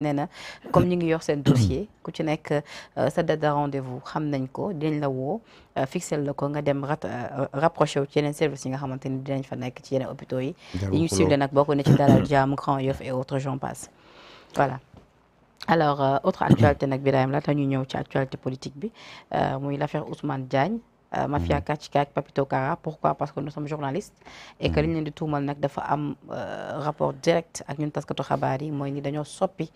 nee na comme ñi ngi yor seen dossier ku ci nekk euh, sa date de rendez-vous xam nañ ko dinañ la woo euh, fixel la ko nga dem rat euh, rapproché wu ci yeneen service yi nga xamante ni dinañ fa nekk ci yeneen hôpitaux yi yi ñu suivre nag bokk na ci Dalal Jamm Grand Yoff et autres j'en passe voilà alors autre actualité nag Birahim la te ñu ñëw ci actualité politique bi muy l'affaire Ousmane Diagne Euh, mafia kàccika mhm. ak Papito Kara pourquoi parce que nous sommes journalistes. et que li ñu leen di tuumal nag dafa am euh, rapport direct ak ñun taskatu xabaar yi mooy ni dañoo soppi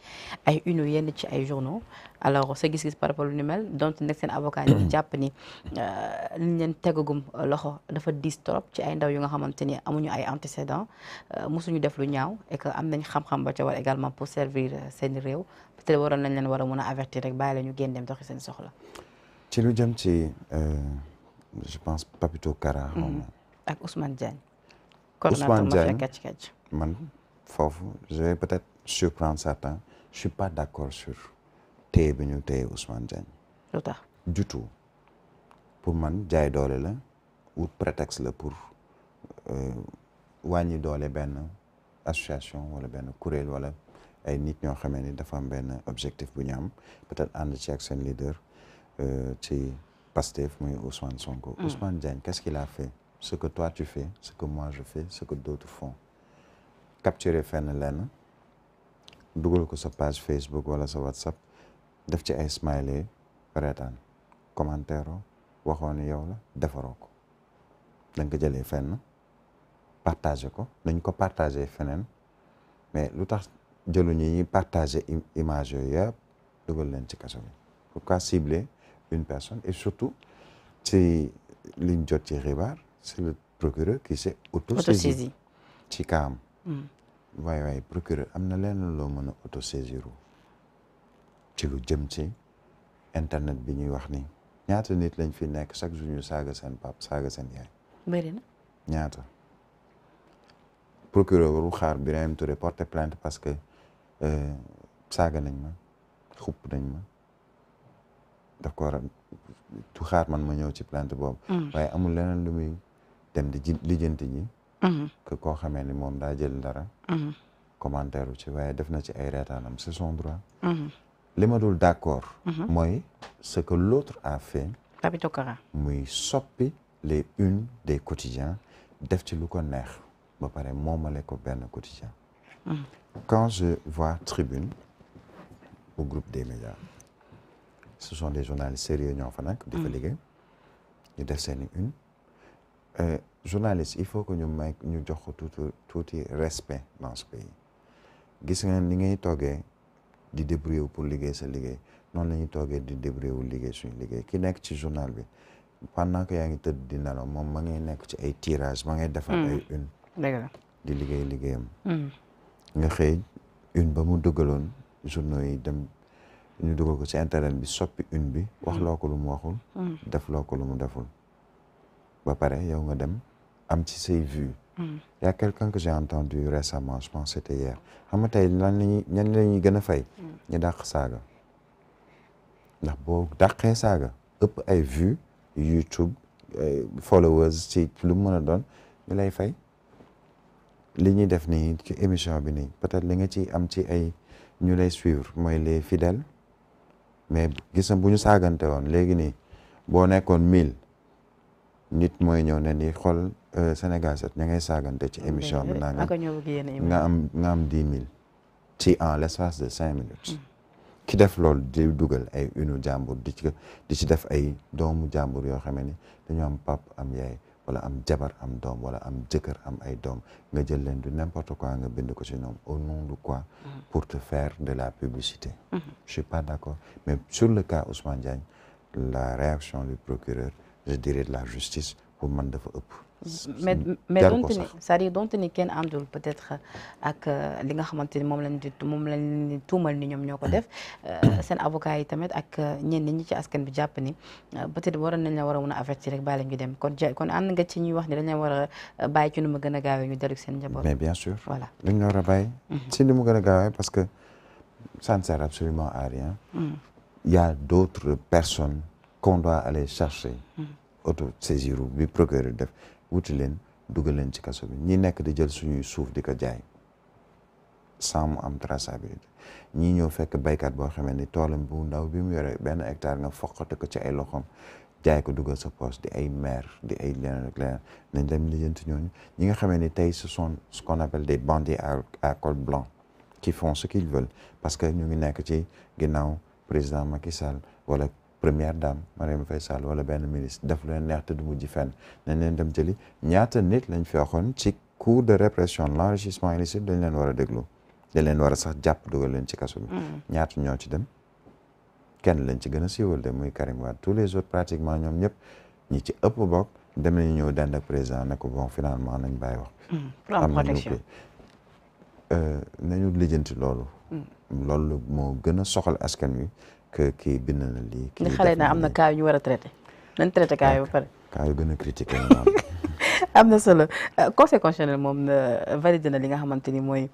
ay une yenn ci ay journaux alors sa gis-gis par rapport lu nu mel donc nag seen avocat yi jàpp ni euh, li ñu leen tegagum loxo dafa diis trop ci ay ndaw yu nga xamante ni amuñu ay antécédents mosuñu def lu ñaaw et que am nañ xam-xam ba ca war également pour servir seen réew peut-être waroon nañ leen war a mën a avertir rek bàyyi ñu génn dem doxi seen soxla. ci lu jëm ci. je pense Papito Kara. Mhm. ak Ousmane Diagne. Ousmane Diagne man foofu je vais peut-être surprendre certains je suis pas d'accord sur téye bi ñu téye Ousmane Diagne. lu tax du tout pour man jaay doole la wut prétexte la pour euh, wàññi doole benn association wala benn kuréel wala ay nit ñoo xamee ni dafa am benn objectif bu ñu am peut-être ànd ci ak seen leader euh, ci. Pastef muy Ousmane Sonko. Mm. Ousmane Diagne qu'est-ce qu'il a fait ce que toi tu fais ce que moi je capturer fenn lenn dugal ko sa page Facebook wala sa WhatsApp def ci ay smiley reetaan commentaire oo waxoo ne yow la ko da ko jëlee fenn partagé ko dañ ko partagé feneen mais lu tax jëluñu ñi partagé image yooyu yëpp dugal leen ci kaso bi pourquoi cibler une personne et surtout ci liñ jot ci xibaar c'est le procureur qui s'est autosaisi ci kaam hmm. waay waay procureur am na leen loo mën a autosaisir ci lu jëm ci internet bi ñuy wax ni ñaata nit lañ fi nekk chaque jour ñu saaga seen pap saaga seen yaay ñaata procureur waru xaar Birahim Touré porter plainte parce que euh, saaga nañ ma xupp nañ ma d'accord tu xaar man ma ñëw ci plainte boobu. Mm. waaye amul leneen lu muy dem di ji lijjanti ji. Mm-hmm. que koo xamee ni moom daa jël dara. Mm-hmm. commentaire wu ci waaye def na ci ay reetaanam c'est son droit. Mm-hmm. li ma dul d'accord. mooy ce que l'autre a fait. Papito Kara muy soppi les unes des quotidiens def ci lu ko neex ba pare moomale ko benn quotidien. quand je vois Tribune au groupe des médias. ce sont des journalistes sérieux ñoo fa nag. di fa mm. ñu def seen i euh, il faut que ñu may ñu jox ko tuuti tuuti respect dans ce pays gis nga ni ngay toogee di débrouiller pour liggéey sa liggéey noonu la ñuy toogee di débrouiller wu liggéey suñu liggéey ki nekk ci journal bi pendant que yaa ngi tëdd di nelaw moom ma ngay nekk ci ay tirage ma ngi defar mm. ay une. di liggéey liggéeyam. Mm. nga xëy une ba mu dugaloon journaux yi dem. ñu dugal ko ci internet bi soppi une bi wax loo ko lu mu waxul def loo ko lu mu deful ba pare yow nga dem am ci say vues y a quelqu'un que j'ai entendu récemment je pense c'était hier xam lañuy ñan la ñuy gën a fay ñu dàq saaga ndax boo dàqee saaga ëpp ay vues YouTube followers ci lu mën a doon ñu lay fay li ñuy def nii ci émission bi nii peut-être li nga ci am ci ay ñu lay suivre mooy les fidèles mais gis na bu ñu saagante woon léegi nii boo nekkoon mille nit mooy ñëw ne ni xool euh, Sénégal set ña ngay saagante ci émission bi naa nga am nga am dix mille ci en l'espace de cinq minutes mm. ki def loolu di dugal ay unu jàmbur di ci di ci def ay doomu jàmbur yoo xam ne ni dañu am pap am yaay wala am jabar am doom wala am jëkkër am ay doom nga jël leen du n'importe quoi nga bind ko ci ñoom au nom de mm-hmm. pour te faire de la publicité mm-hmm. je suis pas sur le cas Ousmane Diagne la réaction du procureur je dirais la justice pour man dafa ëpp mais mais donte ni c'est-à-dire donte ni kenn àndul peut-être ak euh, li nga xamante ni moom lañ di moom lañ tuumal ni ñoom ñoo ko def euh, seen avocat yi tamit ak euh, ñenn ñi ci askan bi jàpp ni peut-être waroon nañ la war a mun a avertir rek bàyyi la ñu dem kon kon ànd nga ci ñuy wax ni dañ la war a bàyyi ci nu mu gën a gaawee ñu dellu seen njaboot. mais a bàyyi. si mm-hmm. nu mu gën a gaawee parce que ça absolument à rien. Mm-hmm. d'autres personnes qu'on doit aller chercher. Mm-hmm. auto saisir bi procureur def. wuti leen dugal leen ci kaso bi ñi nekk di jël suñuy suuf di ko jaay sans mu am traçabilité ñii ñëw fekk baykat boo xamee ni toolam bu ndaw bi mu yore benn hectare nga foqate ko ci ay loxoom jaay ko dugal sa poche di ay maire di ay leneen ak leneen nañ dem lijjanti ñooñu ñi nga xamee ni tey ce sont ce qu'on appelle di bandits à col blanc qui font ce qu'ils veulent parce que ñu ngi nekk ci ginnaaw président Macky Sall wala première dame Marième Faye Sall wala benn ministre def lu leen neex te du mujj fenn nañ leen dem jëli ñaata nit lañ fi waxoon ci cour de répression de l'enrichissement illicite dañ leen war a déglu dañ leen war a sax jàpp dugal leen ci kaso bi mm. ñaata ñoo ci kenn lañ ci gën a siiwal de muy Karim Wade tous les autres pratiquement ñoom ñëpp ñi ci ëpp bokk dem nañu ñëw dend ak président ne ko bon finalement nañ bàyyi wax mm. am nañu euh, nañu lijjanti loolu mm. loolu moo gën a soxal askan wi que kii bind na lii. kii xale na am na cas yu ñu war a traité. nañ traité cas yi ba pare. cas yu gën a critiqué am na solo euh, conseil constitutionnel moom euh, valide na li nga xamante ni mooy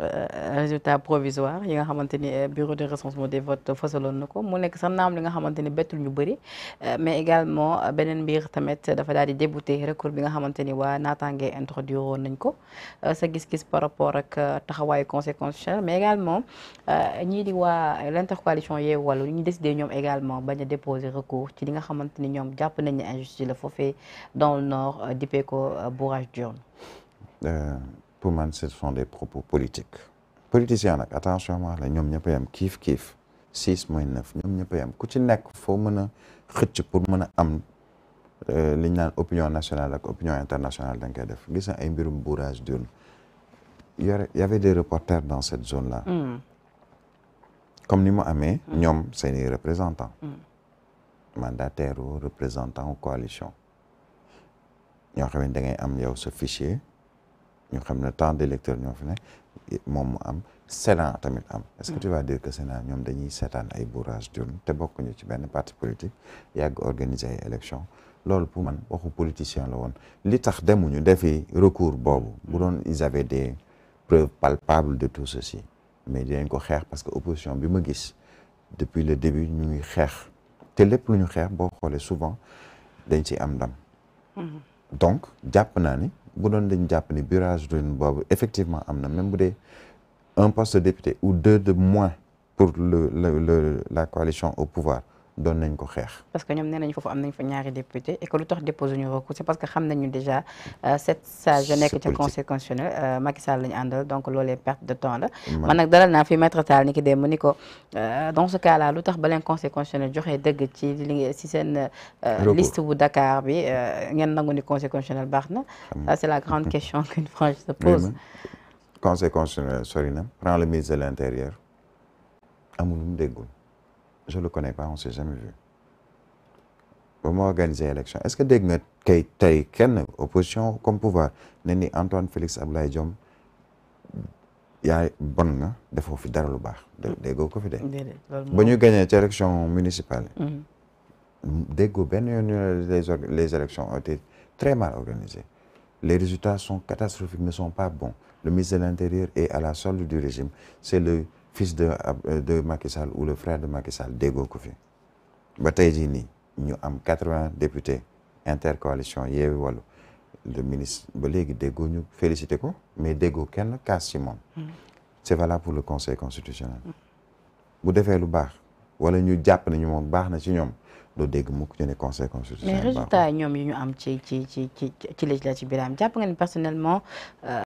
euh, résultat provisoire yi nga xamante ni bureau de recensement des votes fësaloon na ko mu nekk sa naam li nga xamante ni bettul ñu bëri mais également beneen mbir tamit dafa daal di débouté recours bi nga xamante ni waa naataange introduire woon nañ ko sa gis-gis par rapport ak taxawaayu conséquence constitutionnel mais également ñii di waa l'intercoalition Yewwi Wallu ñu décidé ñoom également bañ a déposer ci li nga xamante ni ñoom jàpp nañ la foofee ko euh, bourrage d'urne euh, pour man ce sont des propos politiques politiciens nag attention ma la ñoom ñëpp yam kiif kiif six mooy neuf ñoom ñëpp yam ku ci nekk foo mën a xëcc pour mën a am euh, liñ naan opinion nationale ak opinion internationale da nga koy def gis na ay mbirum bourrage d'urne yore y avait des reporters dans cette zone là mm. comme ni mu amee mm. ñoom seen i représentants mm. mandataire représentant ou coalition ñoo xam ne da ngay am yow sa fichier ñu xam ne tant d'électeurs ñoo fi ne moom mu am Sénat tamit am. est-ce que tu vas dire que ñoom dañuy seetaan ay bourrage d'urne te bokkuñu ci benn parti politique yàgg organiser ay élections loolu pour man waxu politicien la woon li tax demuñu defi recours boobu. bu doon ils avaient des preuves palpables de tout ceci mais dinañ ko xeex parce que opposition bi ma gis depuis le début ñu xeex te lépp lu ñu xeex boo xoolee souvent dañ ci am ndam. Mm-hmm. donc jàpp naa ni bu doon dañ jàpp ni burage d'urne boobu effectivement am na même bu dee un poste de député ou deux de moins pour le, le, le la coalition au pouvoir doon nañ ko xeex. parce que ñoom nee nañ foofu am nañ fa ñaari député et que lu tax déposé ñu recours c'est parce que xam nañu déjà sept euh, sages yu nekk ca conseil constitutionnel euh, Macky Sall la ñu àndal donc perte de temps la. man nag dalal naa fi maître Tall ni ki dem ni ko euh, dans ce cas lu tax baleen leen conseil constitutionnel joxe dëgg ci li si seen. liste bu Dakar bi ngeen nangu ni conseil constitutionnel baax na. ça c'est la grande question qu'une frange se pose. conseil constitutionnel sori le ministre de l'intérieur amul lu je ne le connais pas on s'est jamais vu ba ma organiser élection est-ce que dégg nga tey tey kenn opposition comme pouvoir ne ni Antoine Félix Abdoulaye Diome yaay bon nga defoo fi dara lu baax. Mm. déggoo ko fi de. ba ñu gagné ci élection municipale. Mm-hmm. déggoo benn yoon ñu les les élections ont été très mal organisées les résultats sont catastrophiques ne sont pas bons le ministre de l'intérieur est à la solde du régime c'est le fils de de Macky Sall ou le frère de Macky Sall déggoo ko fi ba tey jii nii ñu am quatre intercoalition Yewwi Wallu le ministre ba léegi déggoo ñu félicité ko mais déggoo kenn kaas ci moom. Mm. c'est valable pour le conseil constitutionnel. bu defee lu baax wala ñu jàpp ne ñu baax na ci ñoom doo dégg mukk ñu ne conseil constitutionnel. mais résultat ñoom yu ñu am ci ci ci ci ci législative bi jàpp ni personnellement. Euh,